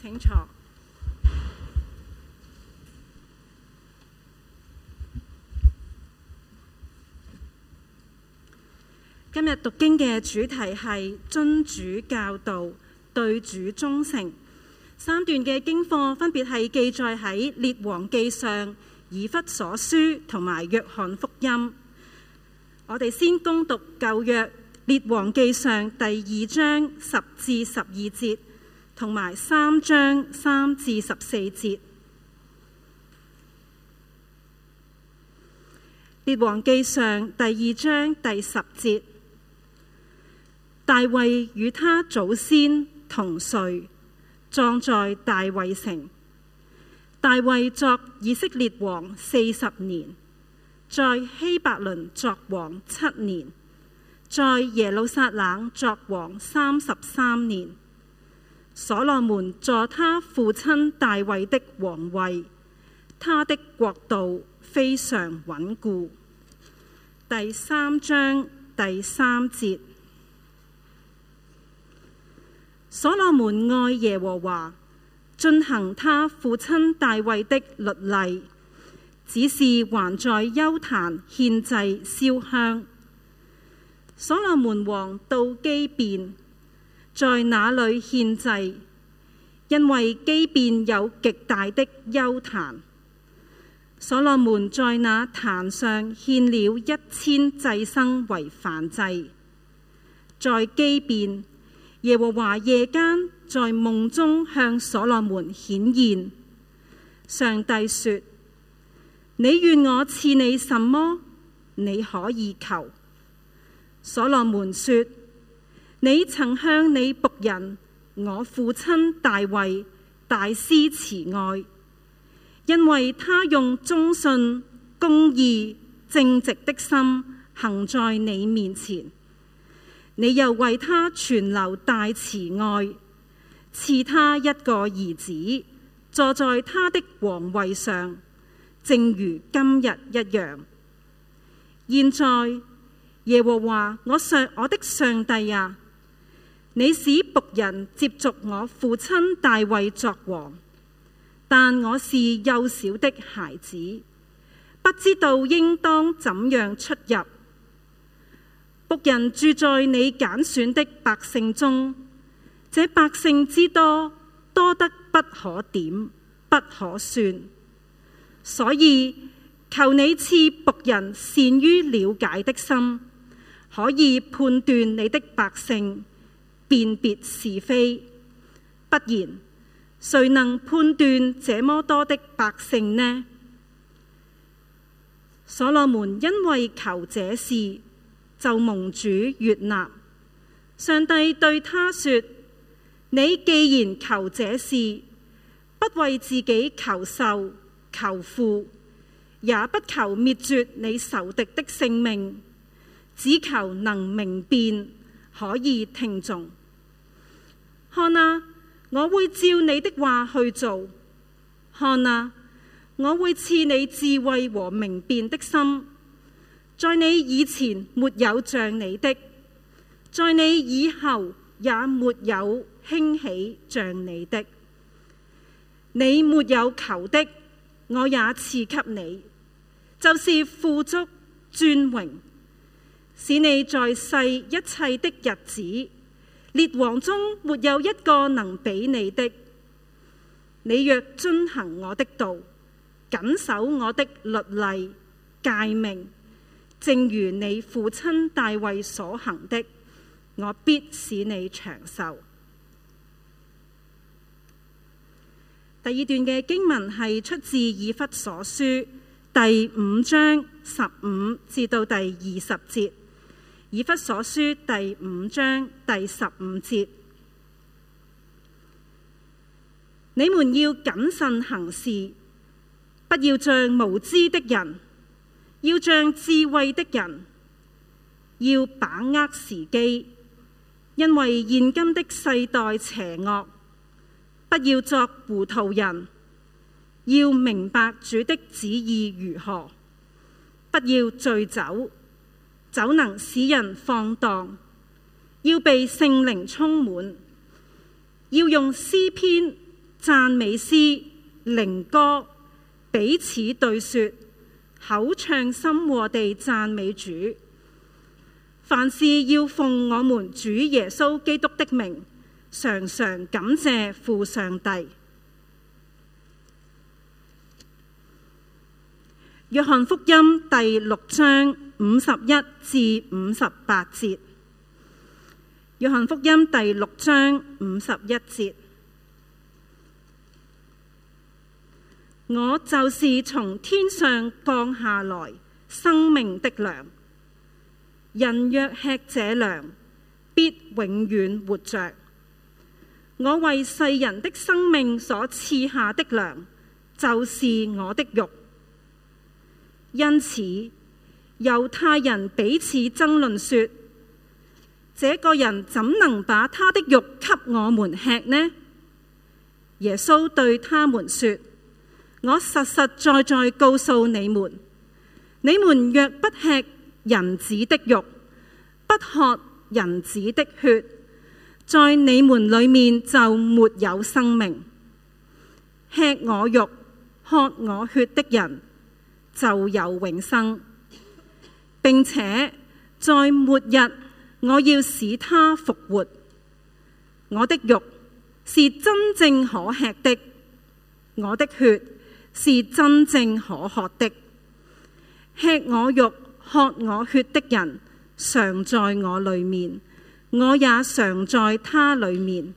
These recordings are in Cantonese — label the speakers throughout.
Speaker 1: 請坐。今日讀經嘅主題係遵主教導，對主忠誠。三段嘅經課分別係記載喺《列王記上》、《以弗所書》同埋《約翰福音》。我哋先攻讀舊約《列王記上》第二章十至十二節。同埋三章三至十四節，《列王記上》上第二章第十節：大衛與他祖先同睡，葬在大衛城。大衛作以色列王四十年，在希伯倫作王七年，在耶路撒冷作王三十三年。所羅門坐他父親大衛的皇位，他的國度非常穩固。第三章第三節，所羅門愛耶和華，遵行他父親大衛的律例，只是還在丘壇獻祭燒香。所羅門王到基遍。在那裏獻祭，因為機變有極大的丘壇，所羅門在那壇上獻了一千祭牲為燔祭。在機變，耶和華夜間在夢中向所羅門顯現，上帝說：你願我賜你什麼，你可以求。所羅門說。你曾向你僕人我父親大衛大施慈愛，因為他用忠信、公義、正直的心行在你面前。你又為他存留大慈愛，賜他一個兒子坐在他的皇位上，正如今日一樣。現在耶和華我上我的上帝呀、啊！你使僕人接續我父親大衛作王，但我是幼小的孩子，不知道應當怎樣出入。僕人住在你揀選的百姓中，這百姓之多，多得不可點，不可算，所以，求你賜僕人善於了解的心，可以判斷你的百姓。辨別是非，不然誰能判斷這麼多的百姓呢？所羅門因為求這事，就蒙主悅納。上帝對他說：你既然求這事，不為自己求壽、求富，也不求滅絕你仇敵的性命，只求能明辨，可以聽從。看啊，我會照你的話去做。看啊，我會賜你智慧和明辨的心。在你以前沒有像你的，在你以後也沒有興起像你的。你沒有求的，我也賜給你，就是富足尊榮，使你在世一切的日子。列王中沒有一個能比你的。你若遵行我的道，謹守我的律例誡命，正如你父親大衛所行的，我必使你長壽。第二段嘅經文係出自以弗所書第五章十五至到第二十節。以弗所書第五章第十五節：你們要謹慎行事，不要像無知的人，要像智慧的人，要把握時機，因為現今的世代邪惡，不要作糊塗人，要明白主的旨意如何，不要醉酒。酒能使人放蕩，要被聖靈充滿，要用詩篇讚美詩、靈歌彼此對說，口唱心和地讚美主。凡事要奉我們主耶穌基督的名，常常感謝父上帝。約翰福音第六章。五十一至五十八節，約翰福音第六章五十一節：我就是從天上降下來，生命的糧，人若吃這糧，必永遠活着。我為世人的生命所賜下的糧，就是我的肉。因此。猶太人彼此爭論說：這個人怎能把他的肉給我們吃呢？耶穌對他們說：我實實在在告訴你們，你們若不吃人子的肉，不喝人子的血，在你們裏面就沒有生命。吃我肉、喝我血的人，就有永生。並且在末日，我要使他復活。我的肉是真正可吃的，我的血是真正可喝的。吃我肉、喝我血的人，常在我裏面，我也常在他裏面。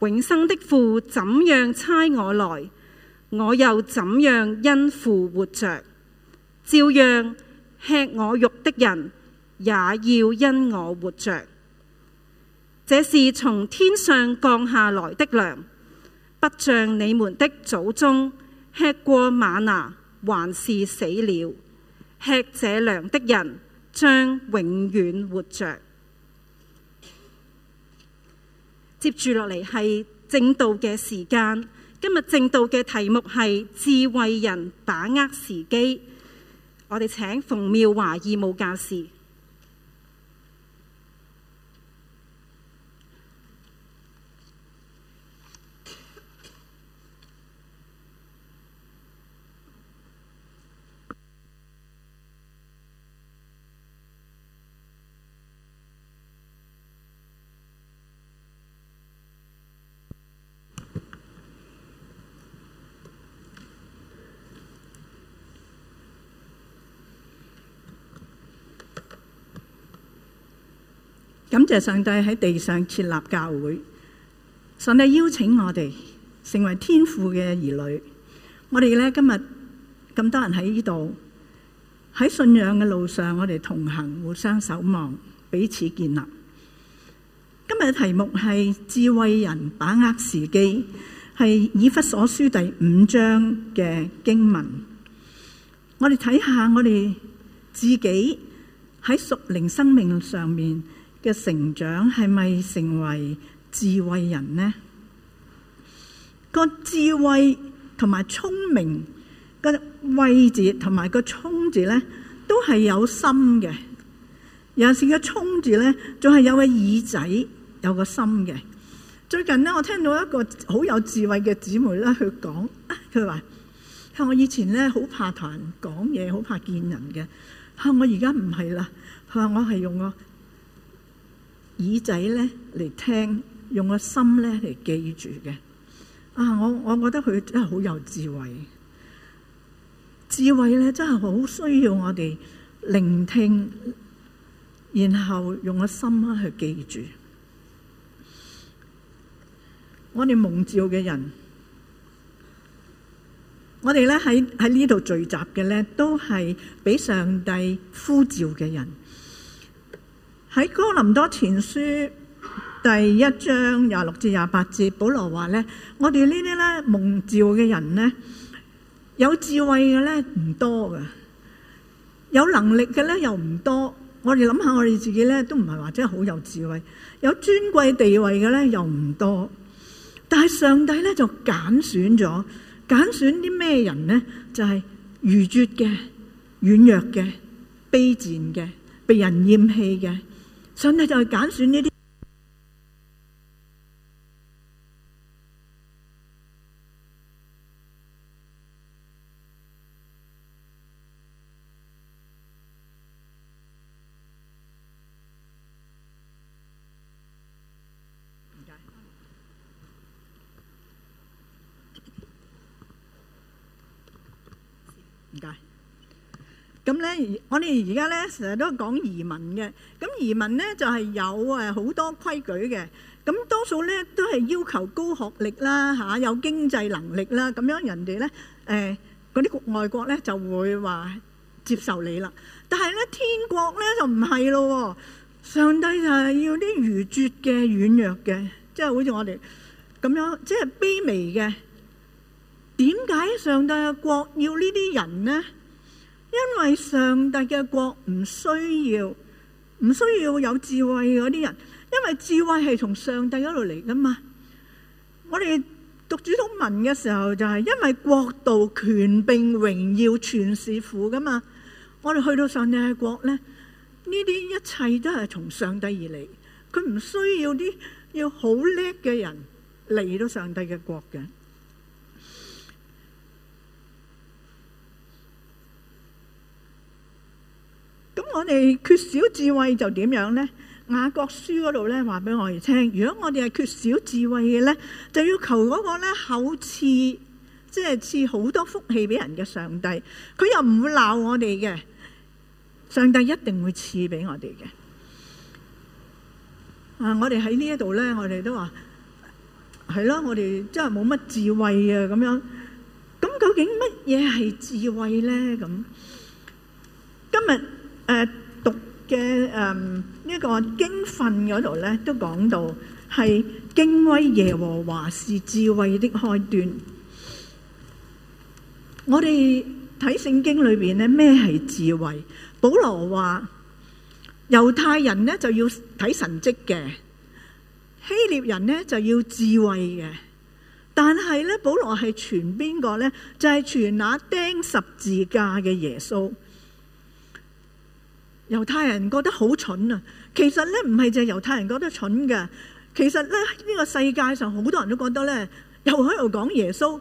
Speaker 1: 永生的父，怎樣差我來，我又怎樣因父活着，照樣。吃我肉的人也要因我活着，這是從天上降下來的糧，不像你們的祖宗吃過瑪拿還是死了，吃這糧的人將永遠活着。接住落嚟係正道嘅時間，今日正道嘅題目係智慧人把握時機。我哋請馮妙華義務教士。
Speaker 2: 借上帝喺地上設立教會，上帝邀請我哋成為天父嘅兒女。我哋咧今日咁多人喺呢度，喺信仰嘅路上，我哋同行，互相守望，彼此建立。今日嘅題目係智慧人把握時機，係以弗所書第五章嘅經文。我哋睇下我哋自己喺屬靈生命上面嘅成長係咪成為智慧人呢？個智慧同埋聰明，個慧字同埋個聰字咧，都係有心嘅。尤其是個聰字咧，仲係有個耳仔，有個心嘅。最近咧，我聽到一個好有智慧嘅姊妹咧去講啊，佢話：我以前咧好怕同人講嘢，好怕見人嘅。嚇我而家唔係啦，佢話我係用我。耳仔咧嚟聽，用個心咧嚟記住嘅。啊，我我覺得佢真係好有智慧。智慧咧真係好需要我哋聆聽，然後用個心去記住。我哋蒙召嘅人，我哋咧喺喺呢度聚集嘅咧，都係畀上帝呼召嘅人。喺哥林多前書第一章廿六至廿八節，保羅話咧：我哋呢啲咧蒙召嘅人咧，有智慧嘅咧唔多嘅，有能力嘅咧又唔多。我哋諗下我哋自己咧，都唔係話真係好有智慧，有尊貴地位嘅咧又唔多。但係上帝咧就揀選咗，揀選啲咩人咧？就係、就是、愚拙嘅、軟弱嘅、卑賤嘅、被人厭棄嘅。真係就係揀選呢啲。我哋而家咧成日都講移民嘅，咁移民咧就係有誒好多規矩嘅，咁多數咧都係要求高學歷啦，吓有經濟能力啦，咁樣人哋咧誒嗰啲外國咧就會話接受你啦。但係咧天國咧就唔係咯，上帝就係要啲愚拙嘅軟弱嘅，即係好似我哋咁樣，即係卑微嘅。點解上帝嘅國要呢啲人咧？因為上帝嘅國唔需要，唔需要有智慧嗰啲人，因為智慧係從上帝嗰度嚟噶嘛。我哋讀主禱文嘅時候，就是，就係因為國度、權柄、榮耀全是苦噶嘛。我哋去到上帝嘅國呢，呢啲一切都係從上帝而嚟，佢唔需要啲要好叻嘅人嚟到上帝嘅國嘅。我哋缺少智慧就點樣呢？雅各書嗰度呢，話俾我哋聽。如果我哋係缺少智慧嘅呢，就要求嗰個呢厚賜，即係賜好多福氣俾人嘅上帝。佢又唔會鬧我哋嘅，上帝一定會賜俾我哋嘅。啊，我哋喺呢一度呢，我哋都話係咯，我哋真係冇乜智慧啊，咁樣，咁究竟乜嘢係智慧呢？咁今日。誒，讀嘅誒呢個經訓嗰度咧，都講到係敬畏耶和華是智慧的開端。我哋睇聖經裏邊咧，咩係智慧？保羅話猶太人呢就要睇神蹟嘅，希臘人呢就要智慧嘅。但係咧，保羅係傳邊個呢？就係、是、傳那釘十字架嘅耶穌。猶太人覺得好蠢啊！其實咧唔係淨係猶太人覺得蠢㗎，其實咧呢個世界上好多人都覺得咧又喺度講耶穌，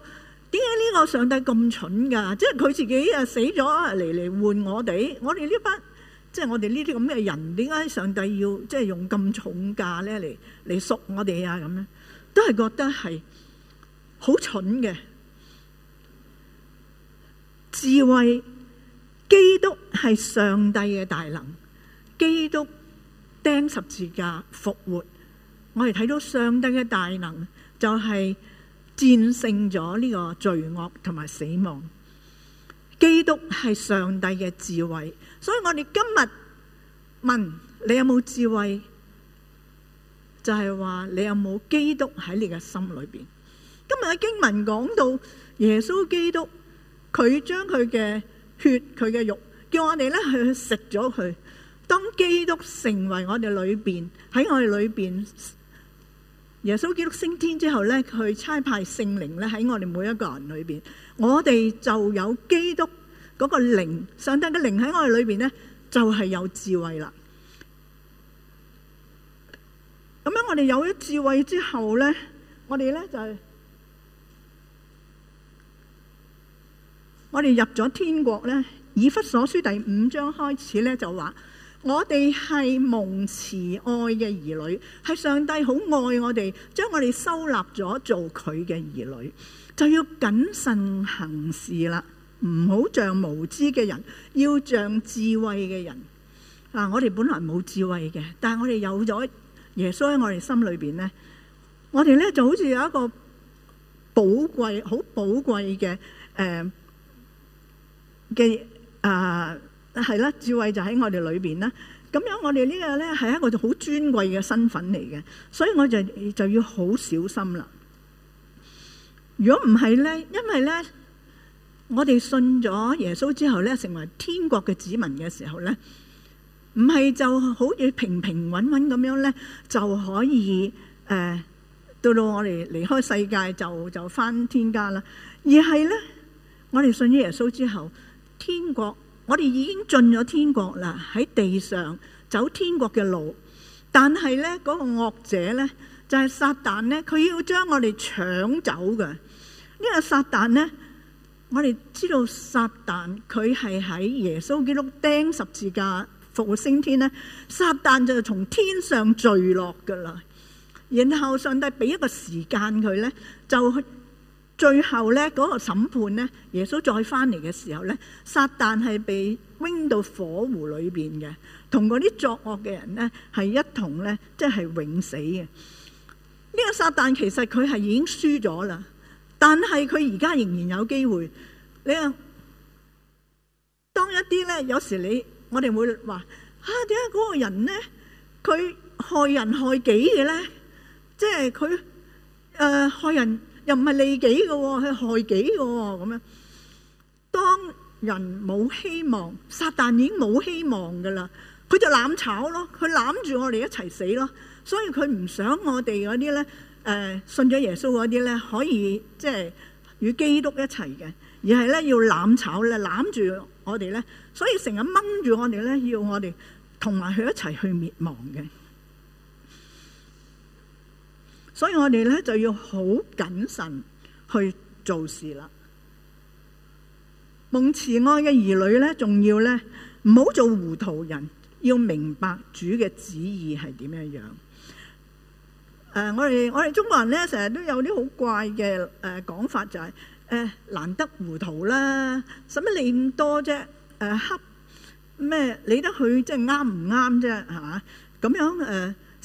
Speaker 2: 點解呢個上帝咁蠢噶？即係佢自己啊死咗嚟嚟換我哋，我哋呢班即係我哋呢啲咁嘅人，點解上帝要即係用咁重價咧嚟嚟贖我哋啊？咁樣都係覺得係好蠢嘅智慧。基督係上帝嘅大能，基督釘十字架復活，我哋睇到上帝嘅大能就係戰勝咗呢個罪惡同埋死亡。基督係上帝嘅智慧，所以我哋今日問你有冇智慧，就係話你有冇基督喺你嘅心裏邊。今日嘅經文講到耶穌基督，佢將佢嘅。血，佢嘅肉，叫我哋咧去食咗佢。當基督成為我哋裏邊，喺我哋裏邊，耶穌基督升天之後咧，佢差派聖靈咧喺我哋每一個人裏邊，我哋就有基督嗰個靈，上帝嘅靈喺我哋裏邊咧，就係有智慧啦。咁樣我哋有咗智慧之後咧，我哋咧就。我哋入咗天國呢，《以弗所書》第五章開始呢，就話：我哋係蒙慈愛嘅兒女，係上帝好愛我哋，將我哋收納咗做佢嘅兒女，就要謹慎行事啦，唔好像無知嘅人，要像智慧嘅人。嗱、啊，我哋本來冇智慧嘅，但係我哋有咗耶穌喺我哋心裏邊呢，我哋呢就好似有一個寶貴、好寶貴嘅誒。呃嘅啊，係啦，智慧就喺我哋裏邊啦。咁樣我哋呢個咧係一個好尊貴嘅身份嚟嘅，所以我就就要好小心啦。如果唔係咧，因為咧，我哋信咗耶穌之後咧，成為天國嘅子民嘅時候咧，唔係就好似平平穩穩咁樣咧就可以誒、呃，到到我哋離開世界就就返天家啦。而係咧，我哋信咗耶穌之後。天國，我哋已經進咗天國啦，喺地上走天國嘅路，但係呢嗰、那個惡者呢，就係、是、撒旦呢，佢要將我哋搶走嘅。呢、這個撒旦呢，我哋知道撒旦佢係喺耶穌基督釘十字架復星、復活升天呢，撒旦就從天上墜落嘅啦。然後上帝俾一個時間佢呢，就去。最後咧，嗰、那個審判咧，耶穌再翻嚟嘅時候咧，撒旦係被扔到火湖裏邊嘅，同嗰啲作惡嘅人咧係一同咧，即係永死嘅。呢、這個撒旦其實佢係已經輸咗啦，但係佢而家仍然有機會。你啊，當一啲咧，有時你我哋會話啊，點解嗰個人咧，佢害人害己嘅咧，即係佢誒害人。又唔係利己嘅，佢害己嘅咁樣。當人冇希望，撒旦已經冇希望嘅啦，佢就攬炒咯，佢攬住我哋一齊死咯。所以佢唔想我哋嗰啲咧，誒、呃、信咗耶穌嗰啲咧，可以即係、就是、與基督一齊嘅，而係咧要攬炒咧，攬住我哋咧，所以成日掹住我哋咧，要我哋同埋佢一齊去滅亡嘅。所以我哋咧就要好謹慎去做事啦。蒙慈愛嘅兒女咧，仲要咧唔好做糊塗人，要明白主嘅旨意係點樣樣。誒、呃，我哋我哋中國人咧，成日都有啲好怪嘅誒、呃、講法、就是，就係誒難得糊塗啦，使乜理咁多啫？誒、呃，恰咩理得佢，即係啱唔啱啫？嚇、啊，咁樣誒。呃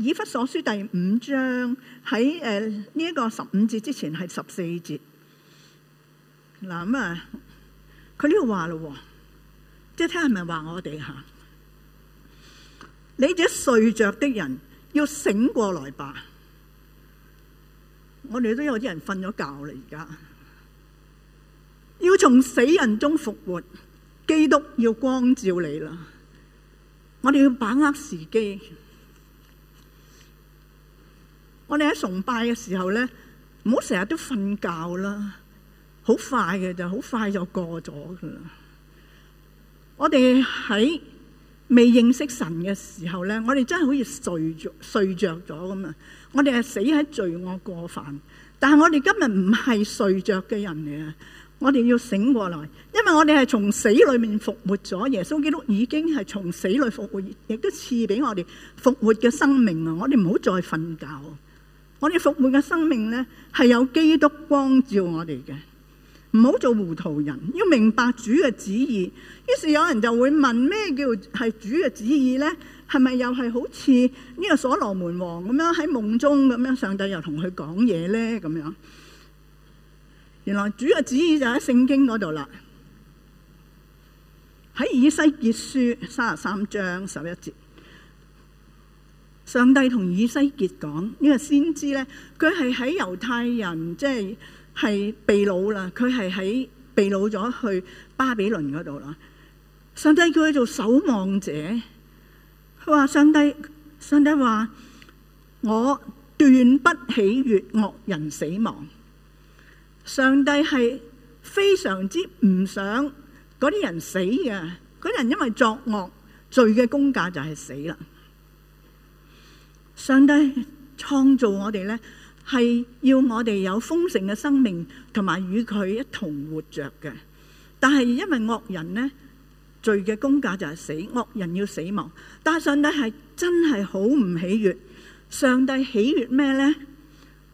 Speaker 2: 以弗所書第五章喺誒，呢一個十五節之前係十四節。嗱咁啊，佢呢度話咯，即係聽，係咪話我哋吓，你這睡着的人要醒過來吧。我哋都有啲人瞓咗覺啦而家，要從死人中復活，基督要光照你啦，我哋要把握時機。我哋喺崇拜嘅時候咧，唔好成日都瞓覺啦，好快嘅就，好快就過咗噶啦。我哋喺未認識神嘅時候咧，我哋真係好似睡著睡著咗咁啊！我哋係死喺罪惡過犯，但係我哋今日唔係睡著嘅人嚟啊！我哋要醒過來，因為我哋係從死裏面復活咗。耶穌基督已經係從死裏復活，亦都賜俾我哋復活嘅生命啊！我哋唔好再瞓覺。我哋復活嘅生命呢，係有基督光照我哋嘅，唔好做糊塗人，要明白主嘅旨意。於是有人就會問，咩叫係主嘅旨意呢？係咪又係好似呢個所羅門王咁樣喺夢中咁樣，上帝又同佢講嘢呢？咁樣，原來主嘅旨意就喺聖經嗰度啦，喺以西結書三十三章十一節。上帝同以西結講，呢個先知咧，佢係喺猶太人，即係係被擄啦。佢係喺被擄咗去巴比倫嗰度啦。上帝叫佢做守望者，佢話上帝，上帝話我斷不喜悦惡人死亡。上帝係非常之唔想嗰啲人死嘅，嗰啲人因為作惡罪嘅工價就係死啦。上帝創造我哋呢係要我哋有豐盛嘅生命，同埋與佢一同活着嘅。但係因為惡人呢罪嘅工價就係死，惡人要死亡。但係上帝係真係好唔喜悅。上帝喜悅咩呢？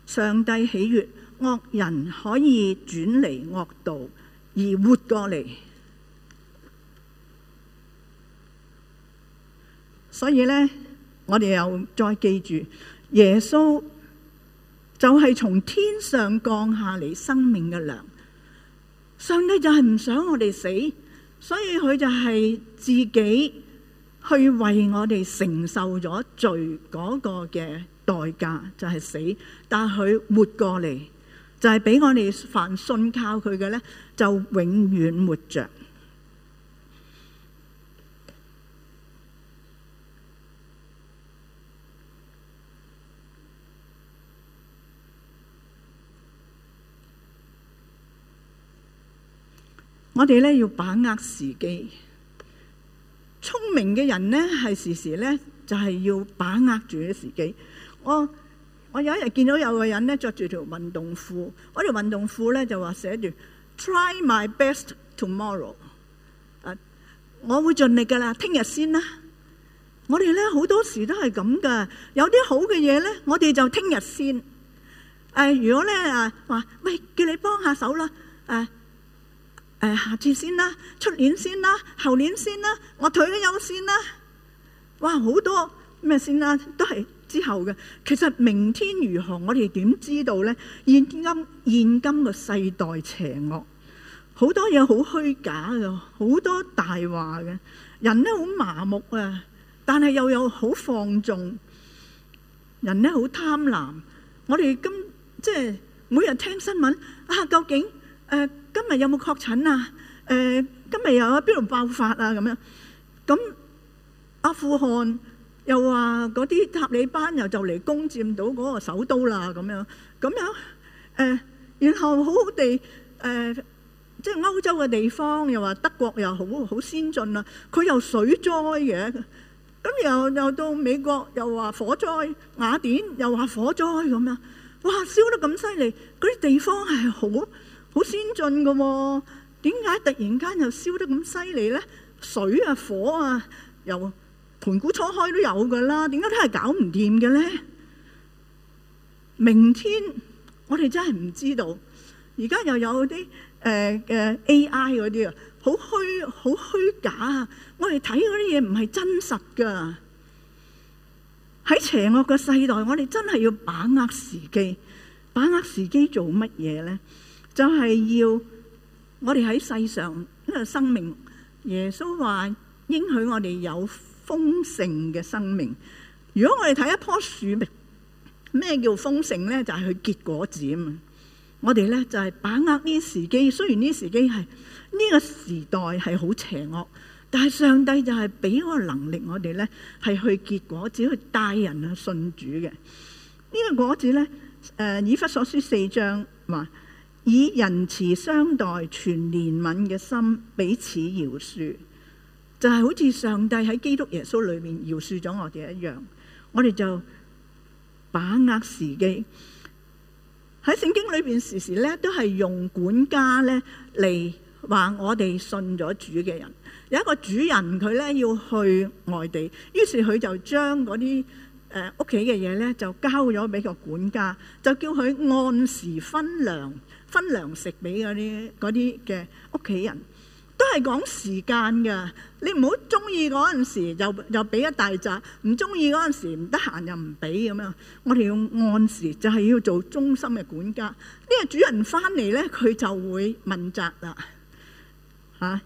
Speaker 2: 上帝喜悅惡人可以轉離惡道而活過嚟。所以呢。我哋又再記住，耶穌就係從天上降下嚟生命嘅糧。上帝就係唔想我哋死，所以佢就係自己去為我哋承受咗罪嗰個嘅代價，就係死。但係佢活過嚟，就係俾我哋凡信靠佢嘅咧，就永遠活着。我哋咧要把握時機，聰明嘅人呢係時時呢，就係、是、要把握住嘅時機。我我有一日見到有個人呢着住條運動褲，嗰條運動褲咧就話寫住 Try my best tomorrow。Uh, 我會盡力噶啦，聽日先啦。我哋呢好多時都係咁噶，有啲好嘅嘢呢，我哋就聽日先。誒、uh,，如果呢誒話、啊，喂，叫你幫下手啦，誒、uh,。誒、呃、下次先啦，出年先啦，後年先啦，我退咗休先啦。哇，好多咩先啦，都係之後嘅。其實明天如何，我哋點知道呢？現今現今個世代邪惡，好多嘢好虛假㗎，好多大話嘅。人呢好麻木啊，但係又有好放縱，人呢好貪婪。我哋今即係每日聽新聞啊，究竟誒、呃今日有冇確診啊？誒、呃，今日又喺邊度爆發啊？咁樣，咁阿富汗又話嗰啲塔利班又就嚟攻佔到嗰個首都啦，咁樣咁樣誒、呃，然後好好地誒，即、呃、係、就是、歐洲嘅地方又話德國又好好先進啦，佢又水災嘅，咁又又到美國又話火災，雅典又話火災咁樣，哇！燒得咁犀利，嗰啲地方係好。好先進嘅喎，點解突然間又燒得咁犀利咧？水啊，火啊，由盤古初開都有嘅啦。點解都係搞唔掂嘅咧？明天我哋真係唔知道。而家又有啲誒嘅 A.I. 嗰啲啊，好虛好虛假啊！我哋睇嗰啲嘢唔係真實㗎。喺邪惡嘅世代，我哋真係要把握時機。把握時機做乜嘢咧？就係要我哋喺世上呢個生命，耶穌話應許我哋有豐盛嘅生命。如果我哋睇一棵樹，咩叫豐盛咧？就係、是、佢結果子啊！嘛，我哋咧就係、是、把握呢時機。雖然呢時機係呢、這個時代係好邪惡，但係上帝就係俾個能力我哋咧係去結果子去帶人去信主嘅呢、這個果子咧。誒，以弗所書四章話。以仁慈相待、全憐憫嘅心彼此饒恕，就係好似上帝喺基督耶穌裏面饒恕咗我哋一樣。我哋就把握時機，喺聖經裏邊時時咧，都係用管家咧嚟話，我哋信咗主嘅人。有一個主人佢咧要去外地，於是佢就將嗰啲誒屋企嘅嘢咧就交咗俾個管家，就叫佢按時分糧。分糧食俾嗰啲啲嘅屋企人，都係講時間嘅。你唔好中意嗰陣時，又又俾一大紮；唔中意嗰陣時，唔得閒又唔俾咁樣。我哋要按時，就係要做忠心嘅管家。因為主人翻嚟呢，佢就會問責啦。嚇、啊，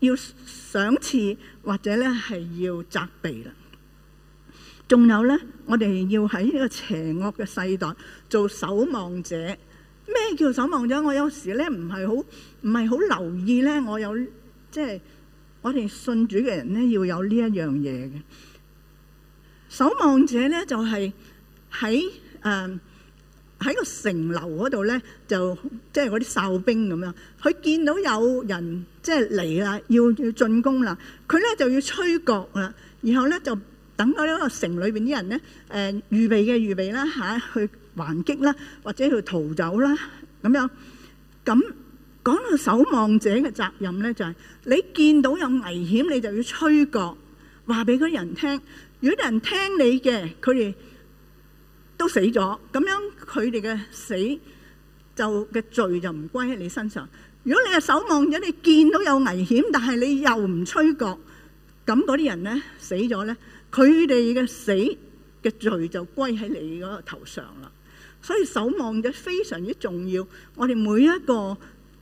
Speaker 2: 要賞賜或者咧係要責備啦。仲有呢，我哋要喺呢個邪惡嘅世代做守望者。咩叫守望者？我有時咧唔係好唔係好留意咧。我有即係、就是、我哋信主嘅人咧要有呢一樣嘢嘅守望者咧，就係喺誒喺個城樓嗰度咧，就即係嗰啲哨兵咁樣。佢見到有人即係嚟啦，要要進攻啦，佢咧就要吹角啦，然後咧就等到嗰個城裏邊啲人咧誒預備嘅預備啦嚇、啊、去。還擊啦，或者去逃走啦，咁樣。咁講到守望者嘅責任咧，就係你見到有危險，你就要吹角，話俾嗰啲人聽。如果啲人聽你嘅，佢哋都死咗，咁樣佢哋嘅死就嘅罪就唔歸喺你身上。如果你係守望者，你見到有危險，但係你又唔吹角，咁嗰啲人咧死咗咧，佢哋嘅死嘅罪就歸喺你嗰個頭上啦。所以守望嘅非常之重要，我哋每一個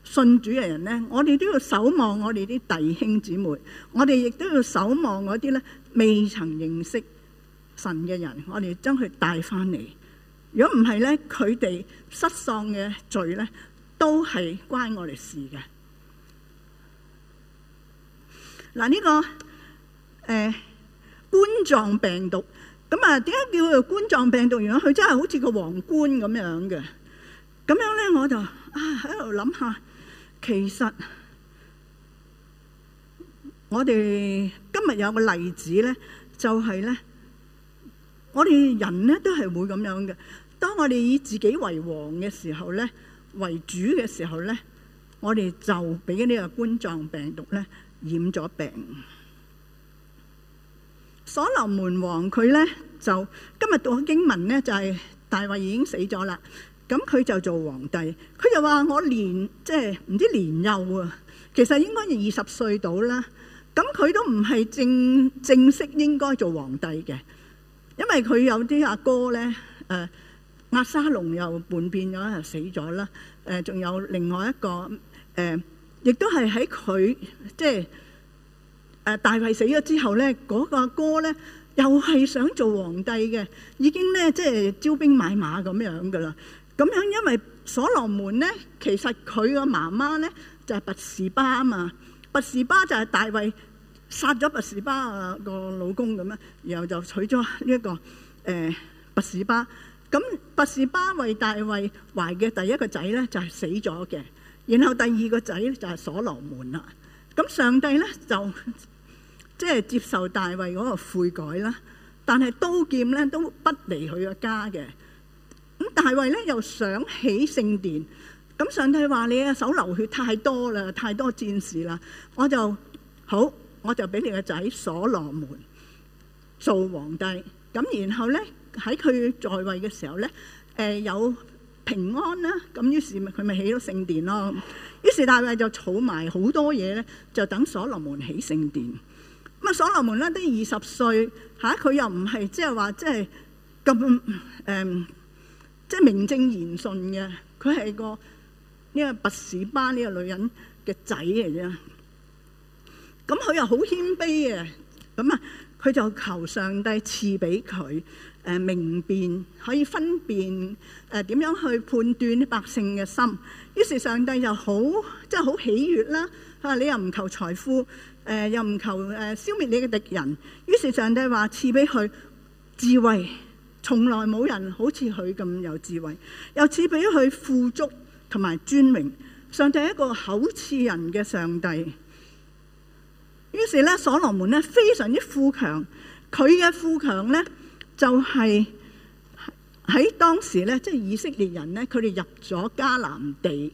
Speaker 2: 信主嘅人咧，我哋都要守望我哋啲弟兄姊妹，我哋亦都要守望嗰啲咧未曾認識神嘅人，我哋將佢帶翻嚟。如果唔係咧，佢哋失喪嘅罪咧，都係關我哋事嘅。嗱，呢個誒冠狀病毒。咁啊，點解叫做冠狀病毒？原來佢真係好似個皇冠咁樣嘅。咁樣咧，我就啊喺度諗下，其實我哋今日有個例子咧，就係咧，我哋人咧都係會咁樣嘅。當我哋以自己為王嘅時候咧，為主嘅時候咧，我哋就俾呢個冠狀病毒咧染咗病。所羅門王佢呢，就今日讀經文呢，就係、是、大衛已經死咗啦，咁佢就做皇帝，佢就話我年即係唔知年幼啊，其實應該二十歲到啦，咁佢都唔係正正式應該做皇帝嘅，因為佢有啲阿哥，哥呢，誒、呃、押沙龍又叛變咗又死咗啦，誒、呃、仲有另外一個誒、呃，亦都係喺佢即係。誒，大衛死咗之後咧，嗰個阿哥咧又係想做皇帝嘅，已經咧即係招兵買馬咁樣噶啦。咁樣因為所羅門咧，其實佢個媽媽咧就係拔士巴啊嘛，拔士巴就係大衛殺咗拔士巴個老公咁樣，然後就娶咗呢一個誒拔士巴。咁拔士巴為大衛懷嘅第一個仔咧就係死咗嘅，然後第二個仔咧就係所羅門啦。咁上帝咧就～即係接受大衛嗰個悔改啦，但係刀劍咧都不離佢嘅家嘅。咁大衛咧又想起聖殿，咁上帝話：你嘅手流血太多啦，太多戰事啦，我就好，我就俾你個仔所羅門做皇帝。咁然後咧喺佢在位嘅時候咧，誒有平安啦，咁於是咪佢咪起咗聖殿咯。於是大衛就儲埋好多嘢咧，就等所羅門起聖殿。咁啊，所羅門咧都二十歲，吓、啊、佢又唔係即係話即係咁誒，即、就、係、是就是，嗯，就是，名正言順嘅，佢係個呢個拔示巴呢個女人嘅仔嚟嘅。咁佢又好謙卑嘅，咁啊、佢、啊、就求上帝賜俾佢誒明辨，可以分辨誒點、啊、樣去判斷百姓嘅心。於是上帝就好即係好喜悅啦，佢、啊、你又唔求財富。誒、呃、又唔求誒、呃、消滅你嘅敵人，於是上帝話賜俾佢智慧，從來冇人好似佢咁有智慧，又賜俾佢富足同埋尊榮。上帝係一個口刺人嘅上帝，於是咧所羅門咧非常之富強，佢嘅富強咧就係、是、喺當時咧即係以色列人咧，佢哋入咗迦南地，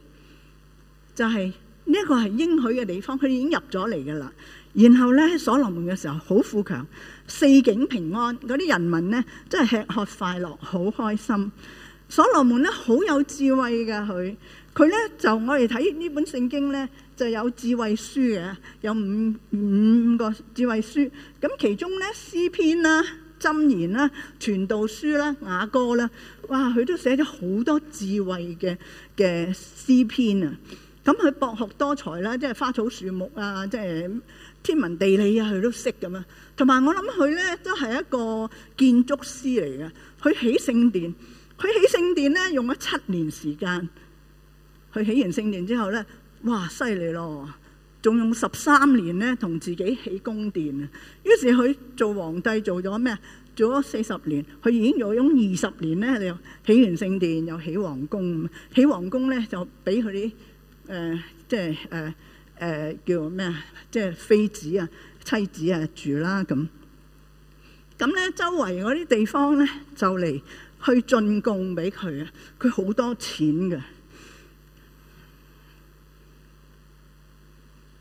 Speaker 2: 就係、是。呢一個係應許嘅地方，佢已經入咗嚟噶啦。然後呢，所羅門嘅時候好富強，四境平安，嗰啲人民呢，真係吃喝快樂，好開心。所羅門呢，好有智慧嘅佢，佢呢就我哋睇呢本聖經呢，就有智慧書嘅，有五五五個智慧書。咁其中呢，詩篇啦、箴言啦、傳道書啦、雅歌啦，哇！佢都寫咗好多智慧嘅嘅詩篇啊。咁佢博學多才啦，即係花草樹木啊，即係天文地理啊，佢都識㗎嘛。同埋我諗佢呢都係一個建築師嚟嘅。佢起聖殿，佢起聖殿呢用咗七年時間。佢起完聖殿之後呢，哇！犀利咯，仲用十三年呢同自己起宮殿。於是佢做皇帝做咗咩？做咗四十年，佢已經用二十年呢，就起完聖殿又起皇宮。起皇宮呢，就俾佢啲。誒、呃，即係誒誒，叫咩啊？即係妃子啊、妻子啊、子啊住啦咁。咁咧，周圍嗰啲地方咧，就嚟去進貢俾佢啊！佢好多錢㗎。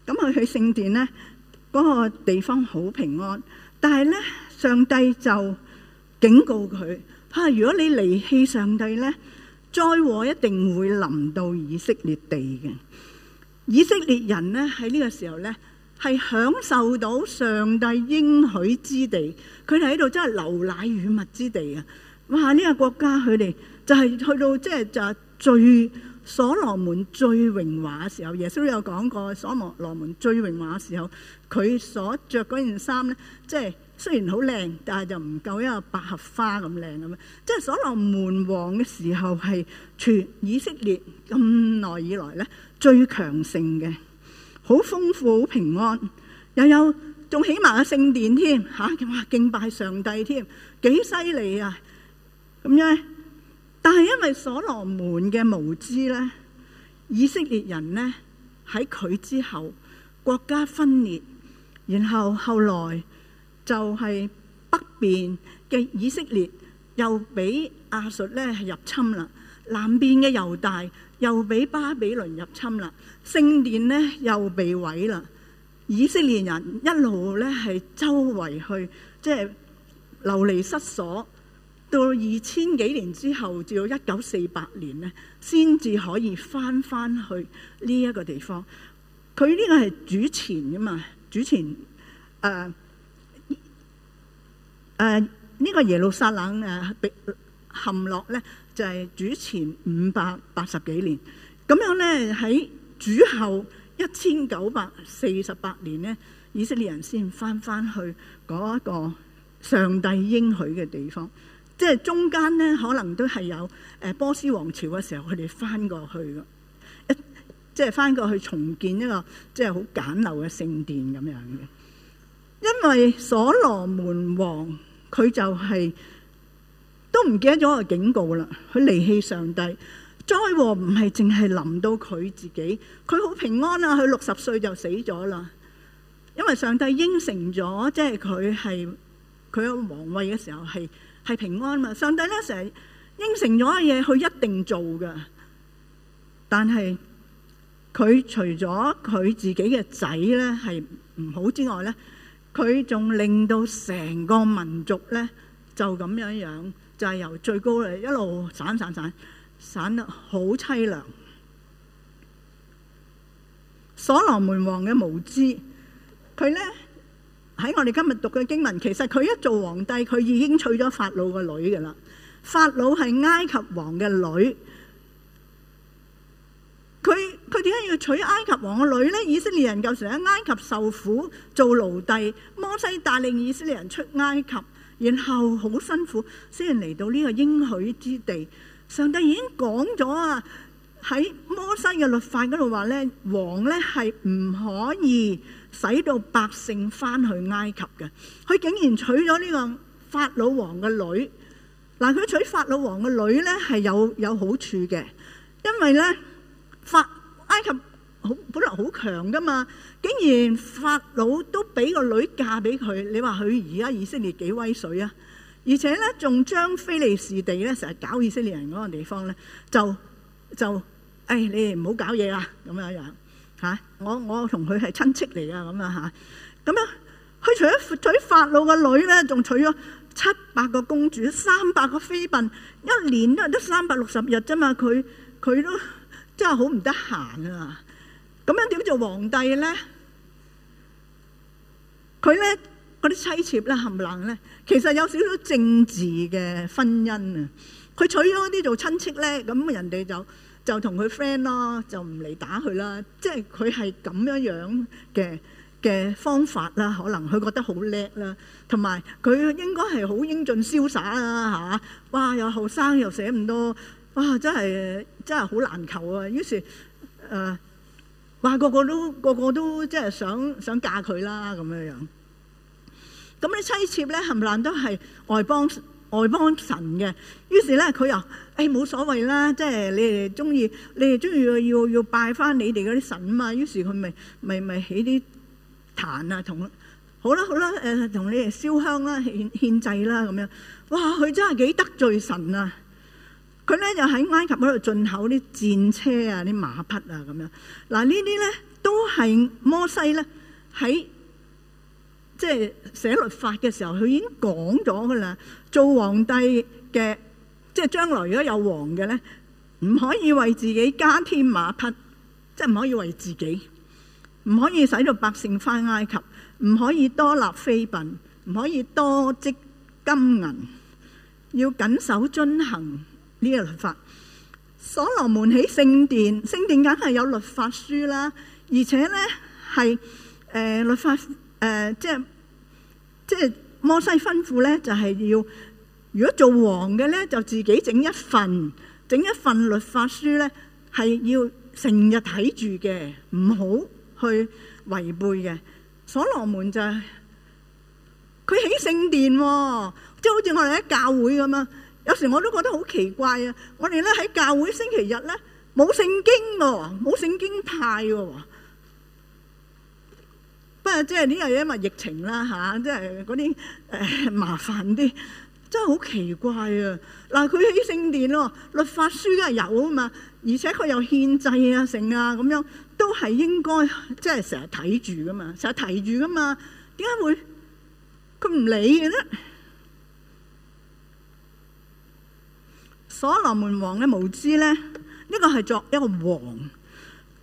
Speaker 2: 咁佢去聖殿咧，嗰、嗰個地方好平安，但係咧，上帝就警告佢：啊，如果你離棄上帝咧。災禍一定會臨到以色列地嘅。以色列人呢喺呢個時候呢，係享受到上帝應許之地，佢哋喺度真係流奶與蜜之地啊！哇！呢個國家佢哋就係去到即係就係就係、最所羅門最榮華嘅時候，耶穌都有講過所羅門最榮華嘅時候，佢所着嗰件衫呢，即係。雖然好靚，但係就唔夠一個百合花咁靚咁樣。即係所羅門王嘅時候係全以色列咁耐以來呢最強盛嘅，好豐富、好平安，又有仲起埋個聖殿添嚇、啊，哇！敬拜上帝添，幾犀利啊！咁樣，但係因為所羅門嘅無知呢，以色列人呢喺佢之後國家分裂，然後後來。就係北邊嘅以色列又俾亞述咧入侵啦，南邊嘅猶大又俾巴比倫入侵啦，聖殿咧又被毀啦。以色列人一路咧係周圍去，即係流離失所，到二千幾年之後，至到一九四八年咧，先至可以翻翻去呢一個地方。佢呢個係主前噶嘛，主前誒。呃誒呢、uh, 個耶路撒冷誒被、uh, 陷落呢，就係、是、主前五百八十幾年。咁樣呢，喺主後一千九百四十八年呢，以色列人先返返去嗰一個上帝應許嘅地方。即係中間呢，可能都係有誒、呃、波斯王朝嘅時候，佢哋返過去嘅，即係返過去重建一個即係好簡陋嘅聖殿咁樣嘅。因為所羅門王。佢就係、是、都唔記得咗個警告啦。佢離棄上帝，災禍唔係淨係臨到佢自己。佢好平安啦。佢六十歲就死咗啦。因為上帝應承咗，即係佢係佢有皇位嘅時候係係平安嘛。上帝咧成日應承咗嘅嘢，佢一定做噶。但係佢除咗佢自己嘅仔咧係唔好之外咧。佢仲令到成個民族呢，就咁樣樣，就係由最高嚟一路散散散，散得好淒涼。所羅門王嘅無知，佢呢喺我哋今日讀嘅經文，其實佢一做皇帝，佢已經娶咗法老個女㗎喇。法老係埃及王嘅女。佢佢點解要娶埃及王個女呢？以色列人夠成日喺埃及受苦做奴隸，摩西帶領以色列人出埃及，然後好辛苦先嚟到呢個應許之地。上帝已經講咗啊，喺摩西嘅律法嗰度話呢，王呢係唔可以使到百姓翻去埃及嘅。佢竟然娶咗呢個法老王嘅女。嗱，佢娶法老王嘅女呢係有有好處嘅，因為呢。法埃及好，本嚟好強噶嘛，竟然法老都俾個女嫁俾佢。你話佢而家以色列幾威水啊？而且咧，仲將非利士地咧成日搞以色列人嗰個地方咧，就就誒、哎，你哋唔好搞嘢啊！咁啊樣嚇，我我同佢係親戚嚟噶咁啊嚇。咁樣佢除咗娶法老個女咧，仲娶咗七百個公主、三百個妃嬪，一年都係得三百六十日啫嘛，佢佢都，真係好唔得閒啊！咁樣點做皇帝咧？佢咧嗰啲妻妾咧冚唪唥咧，其實有少少政治嘅婚姻啊！佢娶咗啲做親戚咧，咁人哋就就同佢 friend 咯，就唔嚟打佢啦。即係佢係咁樣樣嘅嘅方法啦，可能佢覺得好叻啦，同埋佢應該係好英俊瀟灑啊。嚇！哇，又後生又寫咁多～哇！真係真係好難求啊！於是誒，話、呃、個個都個個都即係想想嫁佢啦咁樣樣。咁你妻妾咧，冚唪唥都係外邦外邦神嘅。於是咧，佢又誒冇所謂啦，即係你哋中意，你哋中意要要拜返你哋嗰啲神嘛。於是佢咪咪咪起啲壇啊，同好啦好啦誒，同、呃、你哋燒香啦，獻獻祭啦咁樣。哇！佢真係幾得罪神啊！佢咧就喺埃及嗰度進口啲戰車啊、啲馬匹啊咁樣。嗱，呢啲咧都係摩西咧喺即係寫律法嘅時候，佢已經講咗噶啦。做皇帝嘅，即係將來如果有王嘅咧，唔可以為自己加添馬匹，即係唔可以為自己，唔可以使到百姓翻埃及，唔可以多立妃嬪，唔可以多積金銀，要謹守遵行。呢個律法，所羅門起聖殿，聖殿梗係有律法書啦，而且咧係誒律法誒，即係即係摩西吩咐咧，就係要如果做王嘅咧，就自己整一份，整一份律法書咧，係要成日睇住嘅，唔好去違背嘅。所羅門就係佢起聖殿喎，即係好似我哋喺教會咁啊。有時我都覺得好奇怪啊！我哋咧喺教會星期日咧冇聖經喎，冇聖經派喎。不過，即係呢樣嘢咪疫情啦吓，即係嗰啲誒麻煩啲，真係好奇怪啊！嗱，佢起聖殿咯，律法書都係有啊嘛，而且佢又獻祭啊，成啊咁樣，都係應該即係成日睇住噶嘛，成日睇住噶嘛，點解會佢唔理嘅咧？所羅門王嘅無知呢，呢、這個係作一個王，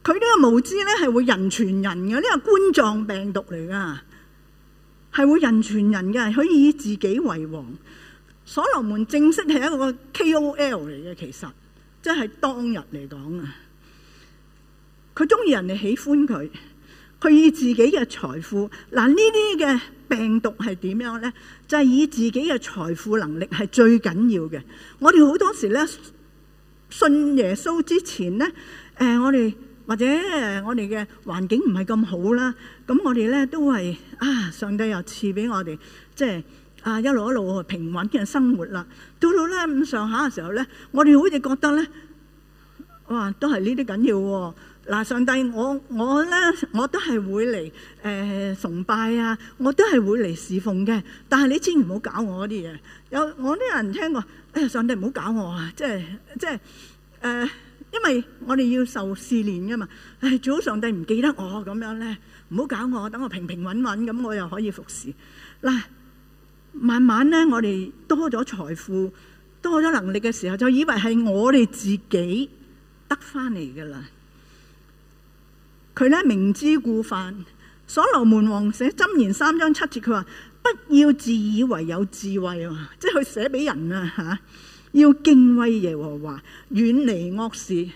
Speaker 2: 佢呢個無知呢，係會人傳人嘅，呢個冠狀病毒嚟㗎，係會人傳人嘅，佢以自己為王。所羅門正式係一個 KOL 嚟嘅，其實即係當日嚟講啊，佢中意人哋喜歡佢。佢、啊就是、以自己嘅財富，嗱呢啲嘅病毒係點樣咧？就係以自己嘅財富能力係最緊要嘅。我哋好多時咧信耶穌之前咧，誒、呃、我哋或者誒我哋嘅環境唔係咁好啦，咁我哋咧都係啊上帝又賜俾我哋，即、就、係、是、啊一路一路平穩嘅生活啦。到到咧咁上下嘅時候咧，我哋好似覺得咧，哇都係呢啲緊要喎。嗱，上帝我，我我咧我都係會嚟誒、呃、崇拜啊，我都係會嚟侍奉嘅。但係你千祈唔好搞我啲嘢。有我啲人聽過，哎上帝唔好搞我啊！即係即係誒，因為我哋要受試煉㗎嘛。唉，最好上帝唔記得我咁樣咧，唔好搞我，等我平平穩穩咁，我又可以服侍嗱。慢慢咧，我哋多咗財富、多咗能力嘅時候，就以為係我哋自己得翻嚟㗎啦。佢咧明知故犯，所羅門王寫箴言三章七節，佢話：不要自以為有智慧啊！即係佢寫俾人啊嚇，要敬畏耶和華，遠離惡事。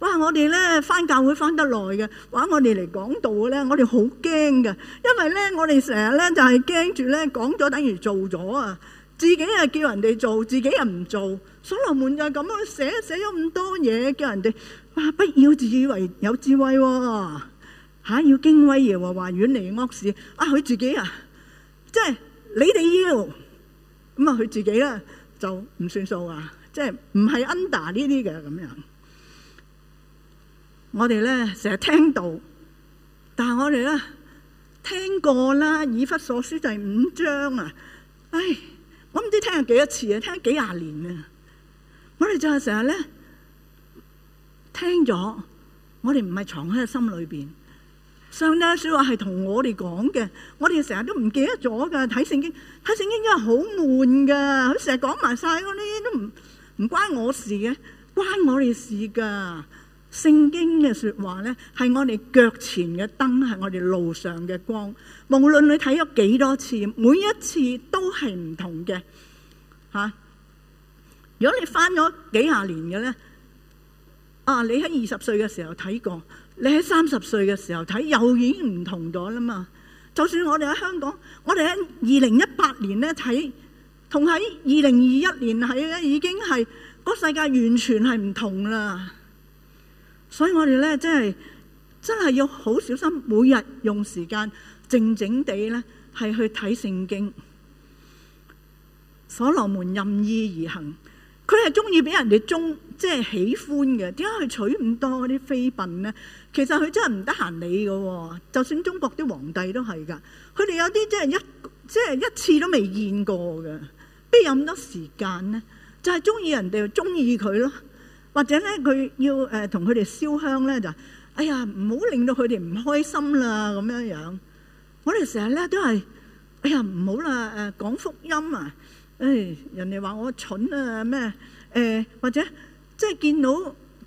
Speaker 2: 哇！我哋咧翻教會翻得耐嘅，哇！我哋嚟講道咧，我哋好驚㗎，因為咧我哋成日咧就係驚住咧講咗等於做咗啊，自己又叫人哋做，自己又唔做，所羅門就係咁樣寫寫咗咁多嘢叫人哋。話不要自以為有智慧，吓，要敬畏耶和華，遠離惡事。啊，佢、啊啊、自己啊，即係你哋要，咁啊佢自己咧就唔算數啊，即係唔係 under 呢啲嘅咁樣。我哋咧成日聽到，但係我哋咧聽過啦，以弗所書第五章啊，唉，我唔知聽咗幾多次啊，聽咗幾廿年啊，我哋就係成日咧。聽咗，我哋唔係藏喺心裏邊。上帝嘅說話係同我哋講嘅，我哋成日都唔記得咗噶。睇聖經，睇聖經真係好悶噶。佢成日講埋晒嗰啲都唔唔關我事嘅，關我哋事噶。聖經嘅說話咧，係我哋腳前嘅燈，係我哋路上嘅光。無論你睇咗幾多次，每一次都係唔同嘅。吓、啊，如果你翻咗幾廿年嘅咧？啊！你喺二十歲嘅時候睇過，你喺三十歲嘅時候睇，又已經唔同咗啦嘛！就算我哋喺香港，我哋喺二零一八年咧睇，同喺二零二一年睇咧，已經係個世界完全係唔同啦。所以我哋咧，真係真係要好小心，每日用時間靜靜地咧，係去睇聖經。所羅門任意而行，佢係中意俾人哋中。即係喜歡嘅，點解佢娶咁多嗰啲妃嬪呢？其實佢真係唔得閒理嘅喎、哦。就算中國啲皇帝都係㗎，佢哋有啲真係一即係、就係、一次都未見過嘅，邊有咁多時間呢？就係中意人哋，中意佢咯。或者咧，佢要誒同佢哋燒香咧，就哎呀唔好令到佢哋唔開心啦咁樣樣。我哋成日咧都係哎呀唔好啦誒講福音啊！誒、哎、人哋話我蠢啊咩誒、呃、或者。即係見到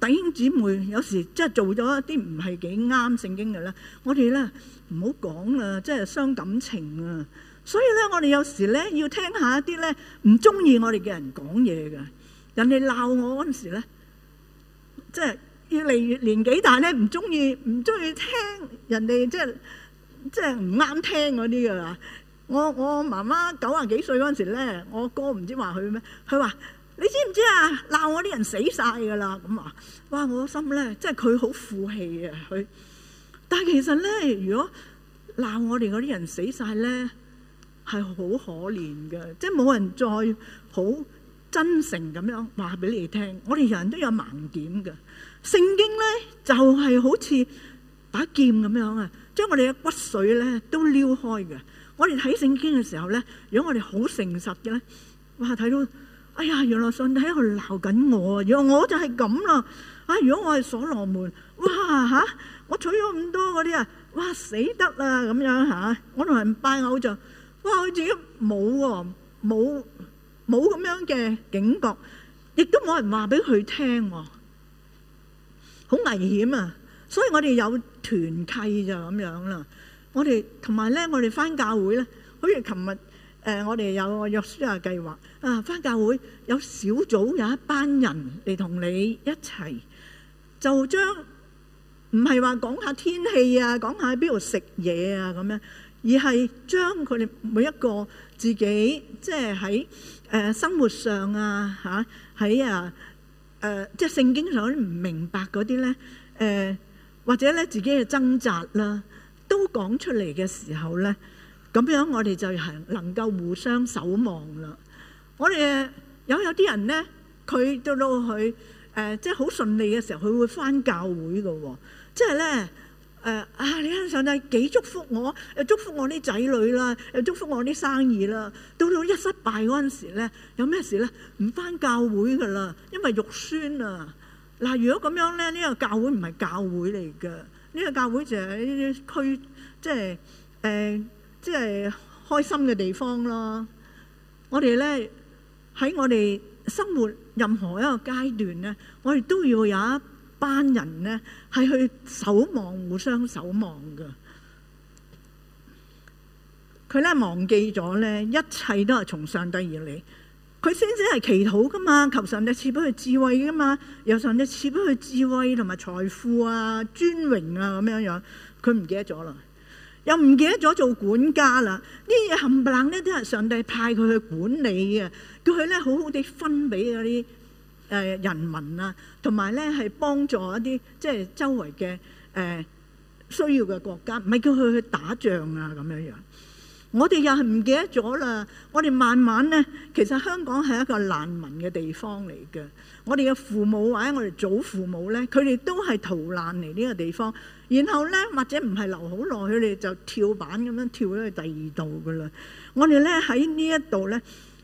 Speaker 2: 弟兄姊妹有時即係做咗一啲唔係幾啱聖經嘅咧，我哋咧唔好講啦，即係傷感情啊！所以咧，我哋有時咧要聽下一啲咧唔中意我哋嘅人講嘢㗎，人哋鬧我嗰陣時咧，即係越嚟越年紀大咧，唔中意唔中意聽人哋即係即係唔啱聽嗰啲噶啦。我我媽媽九十幾歲嗰陣時咧，我哥唔知話佢咩，佢話。你知唔知啊？鬧我啲人死晒噶啦！咁啊，哇！我心咧，即係佢好負氣啊佢。但係其實咧，如果鬧我哋嗰啲人死晒咧，係好可憐嘅，即係冇人再好真誠咁樣話俾你聽。我哋人都有盲點嘅，聖經咧就係好似把劍咁樣啊，將我哋嘅骨髓咧都撩開嘅。我哋睇聖經嘅時候咧，如果我哋好誠實嘅咧，哇！睇到～哎呀，原來上帝喺度鬧緊我，如果我就係咁啦，啊，如果我係所羅門，哇嚇，我娶咗咁多嗰啲啊，哇死得啦咁樣嚇，我同人拜偶像，哇佢自己冇喎，冇冇咁樣嘅警覺，亦都冇人話俾佢聽喎，好危險啊！所以我哋有團契就咁樣啦，我哋同埋咧，我哋翻教會咧，好似琴日誒，我哋有約書亞計劃。啊！返教會有小組，有一班人嚟同你一齊，就將唔係話講下天氣啊，講下喺邊度食嘢啊咁樣，而係將佢哋每一個自己即係喺誒生活上啊嚇，喺啊誒即係聖經上唔明白嗰啲咧誒，或者咧自己嘅掙扎啦，都講出嚟嘅時候咧，咁樣我哋就係能夠互相守望啦。我哋有有啲人咧，佢到到去誒，即係好順利嘅時候，佢會翻教會嘅喎、哦。即係咧誒啊！你睇上帝幾祝福我，又祝福我啲仔女啦，又祝福我啲生意啦。到到一失敗嗰陣時咧，有咩事咧？唔翻教會嘅啦，因為肉酸啊！嗱、呃，如果咁樣咧，呢、這個教會唔係教會嚟嘅，呢、這個教會就係呢啲區，即係誒，即、呃、係、就是、開心嘅地方咯。我哋咧。喺我哋生活任何一個階段咧，我哋都要有一班人咧，係去守望，互相守望噶。佢咧忘記咗咧，一切都係從上帝而嚟。佢先至係祈禱噶嘛，求神咧賜俾佢智慧噶嘛，有神咧賜俾佢智慧同埋財富啊、尊榮啊咁樣樣，佢唔記得咗啦。又唔記得咗做管家啦！呢啲嘢冚唪唥咧都係上帝派佢去管理嘅，叫佢咧好好地分俾嗰啲誒人民啊，同埋咧係幫助一啲即係周圍嘅誒需要嘅國家，唔係叫佢去打仗啊咁樣樣。我哋又係唔記得咗啦！我哋慢慢呢，其實香港係一個難民嘅地方嚟嘅。我哋嘅父母或者我哋祖父母呢，佢哋都係逃難嚟呢個地方，然後呢，或者唔係留好耐，佢哋就跳板咁樣跳咗去第二度噶啦。我哋呢喺呢一度呢，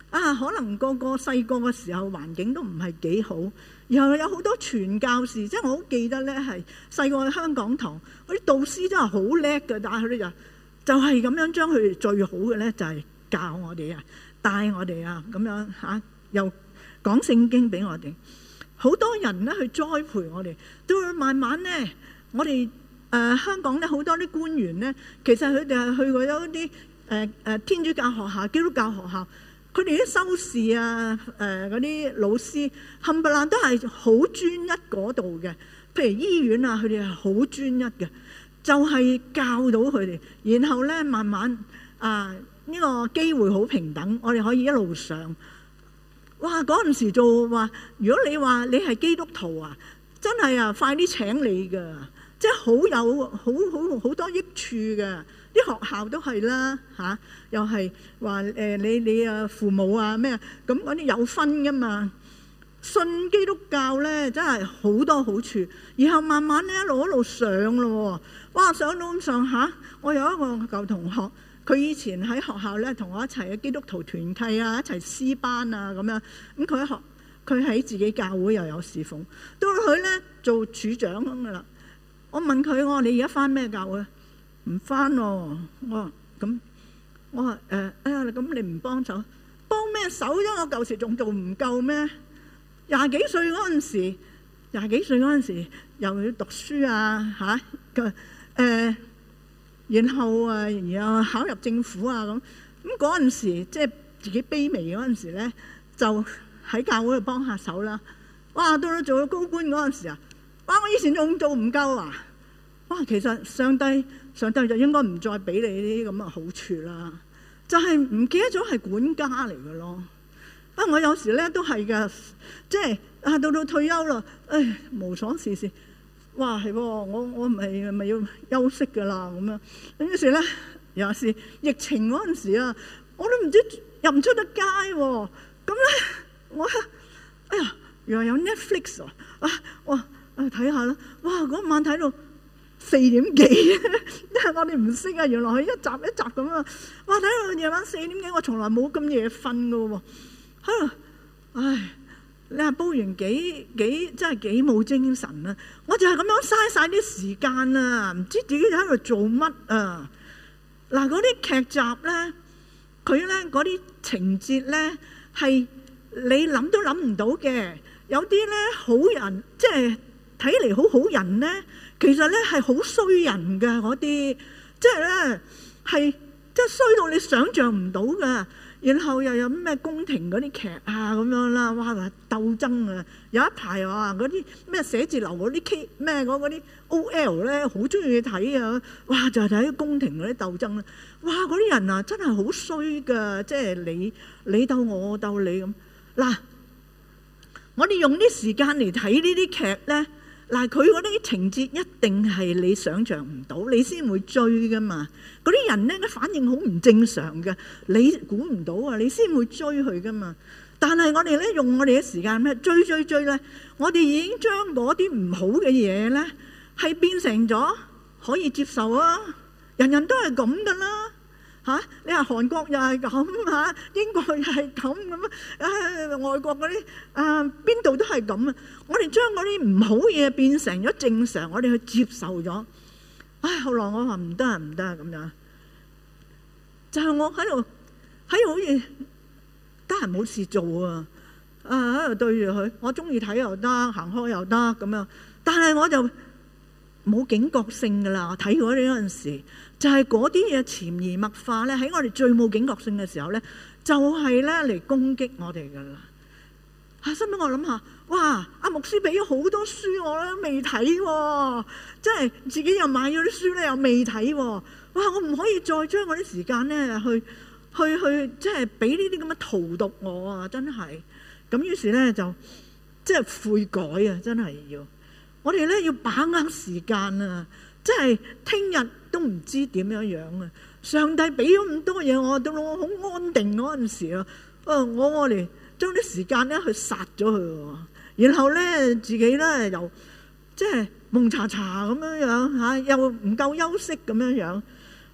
Speaker 2: 啊，可能個個細個嘅時候環境都唔係幾好，然後有好多傳教士，即係我好記得呢係細個去香港堂，嗰啲導師真係好叻㗎，但係佢哋就。就係咁樣將佢最好嘅呢，就係、是、教我哋啊，帶我哋啊，咁樣吓、啊，又講聖經俾我哋。好多人呢去栽培我哋，都慢慢呢。我哋誒、呃、香港呢，好多啲官員呢，其實佢哋係去過咗啲誒誒天主教學校、基督教學校，佢哋啲修士啊、誒嗰啲老師冚唪唥都係好專一嗰度嘅。譬如醫院啊，佢哋係好專一嘅。就係教到佢哋，然後呢，慢慢啊呢、呢個機會好平等，我哋可以一路上，哇！嗰陣時就話，如果你話你係基督徒啊，真係啊快啲請你噶，即係好有好好好多益處嘅。啲學校都係啦，嚇、啊、又係話誒你你啊父母啊咩咁嗰啲有分噶嘛，信基督教呢，真係好多好處，然後慢慢咧一路一路上咯。哇！想到咁上下，我有一個舊同學，佢以前喺學校咧同我一齊嘅基督徒團契啊，一齊私班啊咁樣。咁、嗯、佢學佢喺自己教會又有侍奉，到佢咧做處長咁噶啦。我問佢：我話你而家翻咩教會啊？唔翻喎。我話咁，我話誒、呃，哎呀，你咁你唔幫手，幫咩手啫？我舊時仲做唔夠咩？廿幾歲嗰陣時，廿幾歲嗰陣時又要讀書啊嚇。啊誒、呃，然後啊，然後考入政府啊，咁咁嗰陣時，即係自己卑微嗰陣時咧，就喺教會度幫下手啦。哇，到到做咗高官嗰陣時啊，哇，我以前仲做唔夠啊！哇，其實上帝，上帝就應該唔再俾你呢啲咁嘅好處啦。就係唔記得咗係管家嚟嘅咯。不過我有時咧都係㗎，即係啊，到到退休啦，唉，無所事事。哇係喎，我唔係咪要休息㗎啦咁樣。咁於是咧，又是疫情嗰陣時啊，我都唔知入唔出得街喎、啊。咁咧，我哎呀，原來有 Netflix 啊，啊，哇，睇下啦。哇，嗰晚睇到四點幾， 因為我哋唔識啊。原來佢一集一集咁啊。哇，睇到夜晚四點幾，我從來冇咁夜瞓嘅喎。嚇、啊，唉、哎。你話煲完幾幾真係幾冇精神啦、啊！我就係咁樣嘥晒啲時間啊，唔知自己喺度做乜啊！嗱、啊，嗰啲劇集咧，佢咧嗰啲情節咧係你諗都諗唔到嘅。有啲咧好人，即係睇嚟好好人咧，其實咧係好衰人嘅嗰啲，即係咧係即係衰到你想象唔到㗎。然後又有咩宮廷嗰啲劇啊咁樣啦，哇鬥爭啊！有一排我話嗰啲咩寫字樓嗰啲 K 咩嗰啲 OL 咧，好中意睇啊！哇，就係睇宮廷嗰啲鬥爭啦！哇，嗰啲人啊真係好衰噶，即係你你鬥我鬥你咁，嗱，我哋用啲時間嚟睇呢啲劇咧。嗱，佢嗰啲情節一定係你想像唔到，你先會追㗎嘛。嗰啲人呢，呢反應好唔正常嘅，你估唔到啊，你先會追佢㗎嘛。但係我哋呢用我哋嘅時間呢追追追呢，我哋已經將嗰啲唔好嘅嘢呢，係變成咗可以接受啊！人人都係咁㗎啦。嚇、啊！你話韓國又係咁嚇，英國又係咁咁啊！外國嗰啲啊，邊度都係咁啊！我哋將嗰啲唔好嘢變成咗正常，我哋去接受咗。唉、哎，後來我話唔得唔得咁樣，就係、是、我喺度喺度好似得閒冇事做啊！啊喺度對住佢，我鍾意睇又得，行開又得咁樣。但係我就冇警覺性㗎啦，睇嗰你嗰陣時。就係嗰啲嘢潛移默化咧，喺我哋最冇警覺性嘅時候呢，就係呢嚟攻擊我哋噶啦嚇。心邊我諗下，哇！阿牧師俾咗好多書，我都未睇喎，即係自己又買咗啲書呢，又未睇喎。哇！我唔可以再將我啲時間呢去去去，即係俾呢啲咁嘅荼毒我啊！真係咁，於是呢，就即係悔改啊！真係要我哋呢，要把握時間啊！即係聽日。都唔知點樣樣啊！上帝俾咗咁多嘢我，到我好安定嗰陣時啊，啊，我我嚟將啲時間咧去殺咗佢，然後咧自己咧又即係蒙查查咁樣樣嚇，又唔夠休息咁樣樣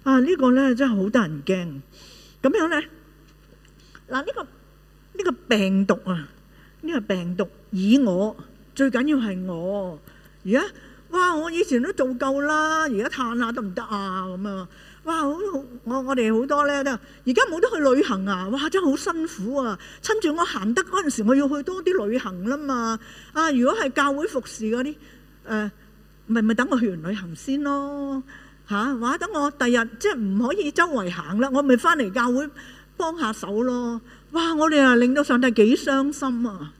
Speaker 2: 啊！呢個咧真係好得人驚。咁樣咧，嗱呢個呢個病毒啊，呢個病毒以我最緊要係我而家。哇！我以前都做夠啦，而家嘆下得唔得啊？咁啊！哇！好，好我我哋好多咧都，而家冇得去旅行啊！哇！真係好辛苦啊！趁住我行得嗰陣時，我要去多啲旅行啦嘛！啊！如果係教會服侍嗰啲誒，咪、呃、咪等我去完旅行先咯嚇！話、啊、等我第日即係唔可以周圍行啦，我咪翻嚟教會幫下手咯！哇！我哋啊令到上帝幾傷心啊！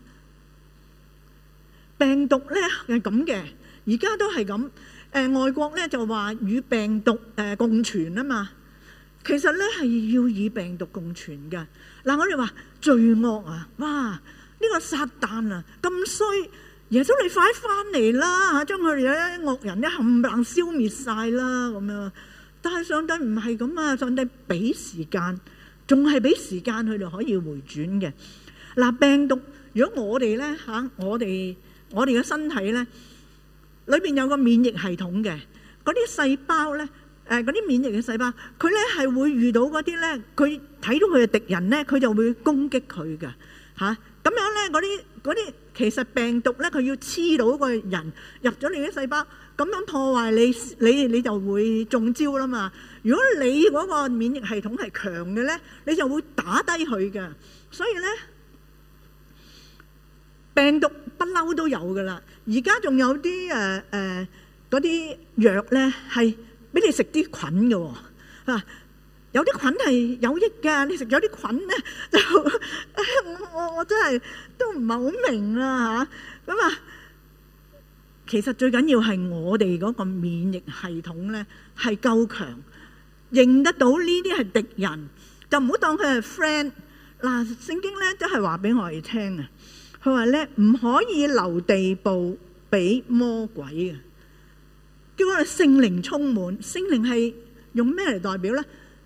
Speaker 2: 病毒咧係咁嘅。而家都係咁誒，外國咧就話與病毒誒、呃、共存啊嘛。其實咧係要與病毒共存嘅。嗱、呃，我哋話罪惡啊，哇！呢、這個撒旦啊咁衰，耶穌你快翻嚟啦嚇，將佢哋啲惡人咧冚唪唥消滅晒啦咁樣。但係上帝唔係咁啊，上帝俾時間，仲係俾時間佢哋可以回轉嘅嗱。病毒如果我哋咧嚇，我哋我哋嘅身體咧。裏邊有個免疫系統嘅，嗰啲細胞咧，誒嗰啲免疫嘅細胞，佢咧係會遇到嗰啲咧，佢睇到佢嘅敵人咧，佢就會攻擊佢噶嚇。咁、啊、樣咧，嗰啲嗰啲其實病毒咧，佢要黐到個人入咗你啲細胞，咁樣破壞你，你你，你就會中招啦嘛。如果你嗰個免疫系統係強嘅咧，你就會打低佢噶。所以咧，病毒不嬲都有噶啦。而家仲有啲誒誒啲藥咧，係俾你食啲菌嘅喎、嗱。有啲菌係有益㗎，你食咗啲菌咧就，哎、我我我真係都唔係好明啦嚇。咁啊，啊，其實最緊要係我哋嗰個免疫系統咧係夠強，認得到呢啲係敵人，就唔好當佢係 friend。嗱，聖經咧都係話俾我哋聽啊。佢話咧唔可以留地步俾魔鬼啊！叫我哋聖靈充滿，聖靈係用咩嚟代表咧？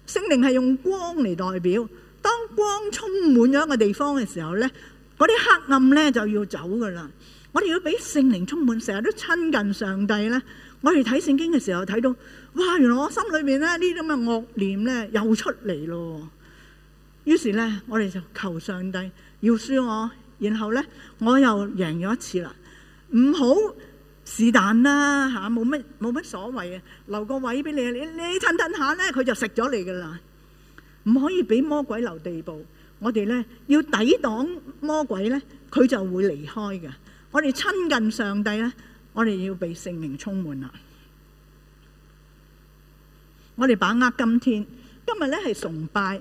Speaker 2: 聖靈係用光嚟代表。當光充滿咗一個地方嘅時候咧，嗰啲黑暗咧就要走㗎喇。我哋要俾聖靈充滿，成日都親近上帝咧。我哋睇聖經嘅時候睇到，哇！原來我心裏面咧呢啲咁嘅惡念咧又出嚟咯。於是咧，我哋就求上帝要恕我。然後呢，我又贏咗一次啦！唔好是但啦嚇，冇乜冇乜所謂啊！留個位俾你啊！你你褪褪下呢，佢就食咗你噶啦！唔可以俾魔鬼留地步。我哋呢，要抵擋魔鬼呢，佢就會離開嘅。我哋親近上帝呢，我哋要被聖靈充滿啦。我哋把握今天，今日呢係崇拜。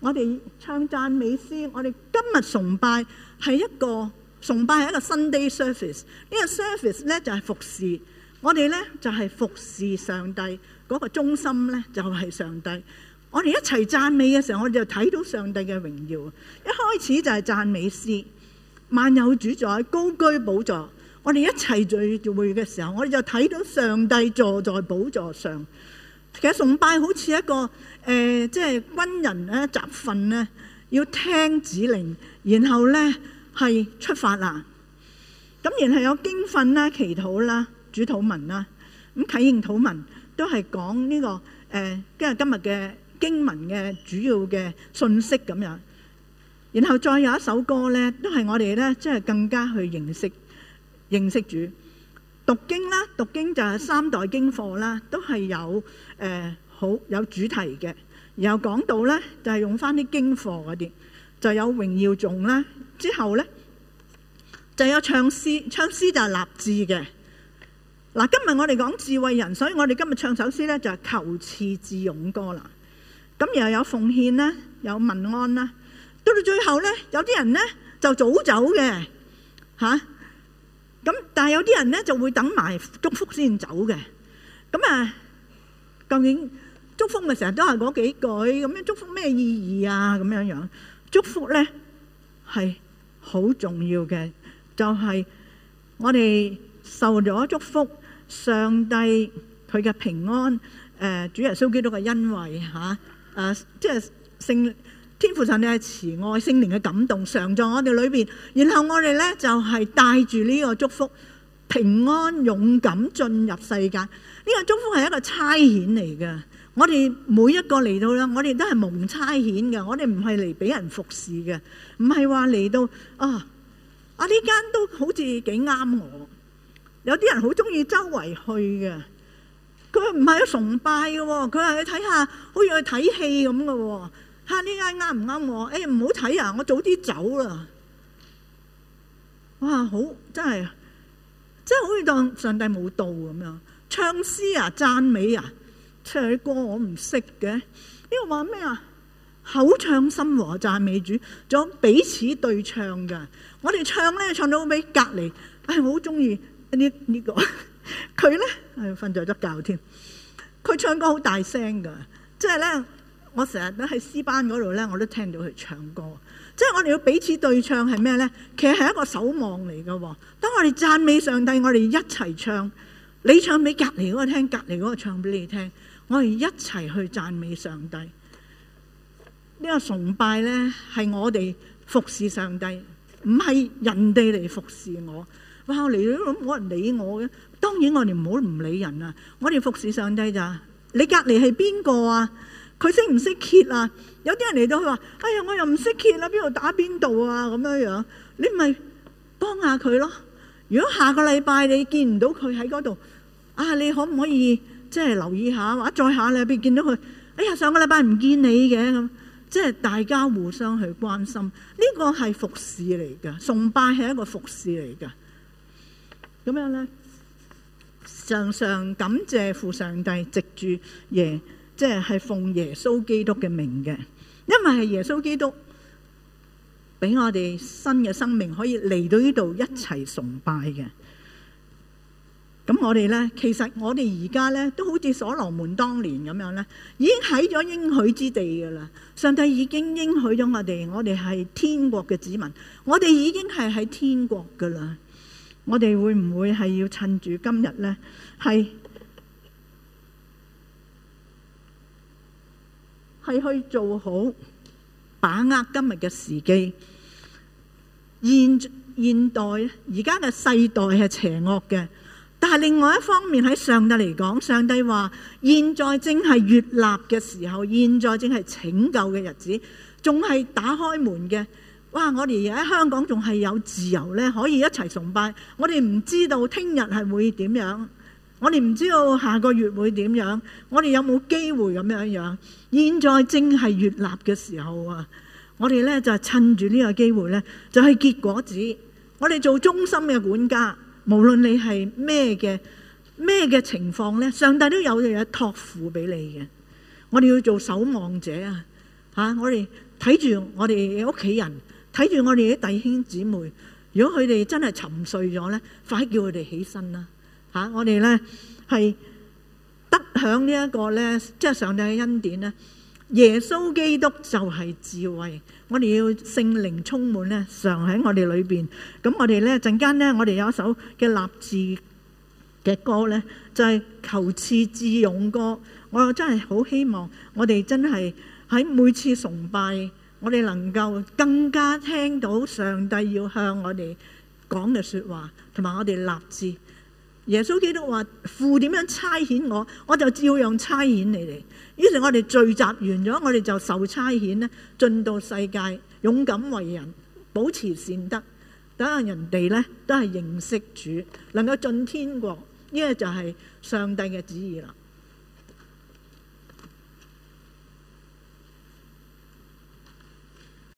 Speaker 2: 我哋唱讚美詩，我哋今日崇拜係一個崇拜係一個 Sunday service 呢個 service 咧就係服侍，我哋咧就係服侍上帝嗰個中心咧就係上帝。我哋一齊讚美嘅時候，我哋就睇到上帝嘅榮耀。一開始就係讚美詩，萬有主宰高居寶座。我哋一齊聚會嘅時候，我哋就睇到上帝坐在寶座上。其實崇拜好似一個。誒，即係軍人咧集訓咧，要聽指令，然後咧係出發啦。咁然後有經訓啦、祈禱啦、主禱文啦，咁啟應土文都係講呢個誒，今日今日嘅經文嘅主要嘅信息咁樣。然後再有一首歌咧，都係我哋咧即係更加去認識認識主。讀經啦，讀經就係三代經課啦，都係有誒。好有主題嘅，然後講到咧就係用翻啲經課嗰啲，就有榮耀頌啦。之後咧就有唱詩，唱詩就係立志嘅。嗱，今日我哋講智慧人，所以我哋今日唱首詩咧就係求賜智勇歌啦。咁又又有奉獻啦，有民安啦。到到最後咧，有啲人咧就早走嘅，嚇。咁但係有啲人咧就會等埋祝福先走嘅。咁啊，究竟，祝福咪成日都係嗰幾句咁樣，祝福咩意義啊？咁樣樣祝福呢係好重要嘅，就係我哋受咗祝福，上帝佢嘅平安誒，主耶穌基督嘅恩惠吓誒，即係聖天父神嘅慈愛，聖靈嘅感動常在我哋裏邊，然後我哋呢就係帶住呢個祝福平安勇敢進入世界。呢個祝福係一個差遣嚟嘅。我哋每一個嚟到啦，我哋都係蒙差遣嘅，我哋唔係嚟俾人服侍嘅，唔係話嚟到啊啊呢間都好似幾啱我，有啲人好中意周圍去嘅，佢唔係去崇拜嘅，佢係去睇下，好似去睇戲咁嘅，吓呢間啱唔啱我？誒唔好睇啊，我早啲走啦。哇，好真係，真係好似當上帝冇道咁樣，唱詩啊，讚美啊。唱啲歌我唔識嘅，呢個話咩啊？口唱心和，讚美主，仲有彼此對唱嘅。我哋唱咧唱到尾隔離，唉，我好中意呢呢個。佢咧係瞓著咗覺添。佢唱歌好大聲嘅，即係咧，我成日都喺詩班嗰度咧，我都聽到佢唱歌。即係我哋要彼此對唱係咩咧？其實係一個守望嚟嘅。當我哋讚美上帝，我哋一齊唱，你唱俾隔離嗰個聽，隔離嗰個唱俾你聽。我哋一齊去讚美上帝。呢個崇拜呢，係我哋服侍上帝，唔係人哋嚟服侍我。哇！嚟咗都冇人理我嘅。當然我哋唔好唔理人啊。我哋服侍上帝咋？你隔離係邊個啊？佢識唔識揭啊？有啲人嚟到佢話：哎呀，我又唔識揭啦，邊度打邊度啊？咁樣樣，你咪幫下佢咯。如果下個禮拜你見唔到佢喺嗰度，啊，你可唔可以？即係留意下，或者再下咧，俾見到佢。哎呀，上個禮拜唔見你嘅咁，即係大家互相去關心。呢、這個係服侍嚟㗎，崇拜係一個服侍嚟㗎。咁樣咧，常常感謝父上帝藉住耶，即係係奉耶穌基督嘅名嘅，因為係耶穌基督俾我哋新嘅生命，可以嚟到呢度一齊崇拜嘅。咁我哋呢，其實我哋而家呢，都好似所羅門當年咁樣呢，已經喺咗應許之地㗎啦。上帝已經應許咗我哋，我哋係天國嘅子民，我哋已經係喺天國㗎啦。我哋會唔會係要趁住今日呢，係係去做好，把握今日嘅時機。現現代而家嘅世代係邪惡嘅。但係另外一方面喺上帝嚟講，上帝話：現在正係悅納嘅時候，現在正係拯救嘅日子，仲係打開門嘅。哇！我哋喺香港仲係有自由呢，可以一齊崇拜。我哋唔知道聽日係會點樣，我哋唔知道下個月會點樣，我哋有冇機會咁樣樣？現在正係悅納嘅時候啊！我哋呢就趁住呢個機會呢，就係結果子，我哋做忠心嘅管家。無論你係咩嘅咩嘅情況咧，上帝都有嘢託付俾你嘅。我哋要做守望者啊，吓！我哋睇住我哋屋企人，睇住我哋啲弟兄姊妹。如果佢哋真係沉睡咗咧，快叫佢哋起身啦！吓、啊，我哋咧係得享呢一個咧，即係上帝嘅恩典咧。耶穌基督就係智慧。我哋要聖靈充滿咧，常喺我哋裏邊。咁我哋咧陣間咧，我哋有一首嘅立志嘅歌咧，就係、是《求賜智勇歌》。我真係好希望我哋真係喺每次崇拜，我哋能夠更加聽到上帝要向我哋講嘅説話，同埋我哋立志。耶穌基督話：父點樣差遣我，我就照樣差遣你哋。於是，我哋聚集完咗，我哋就受差遣呢，進到世界，勇敢為人，保持善德，等人哋呢都係認識主，能夠進天國，呢個就係上帝嘅旨意啦。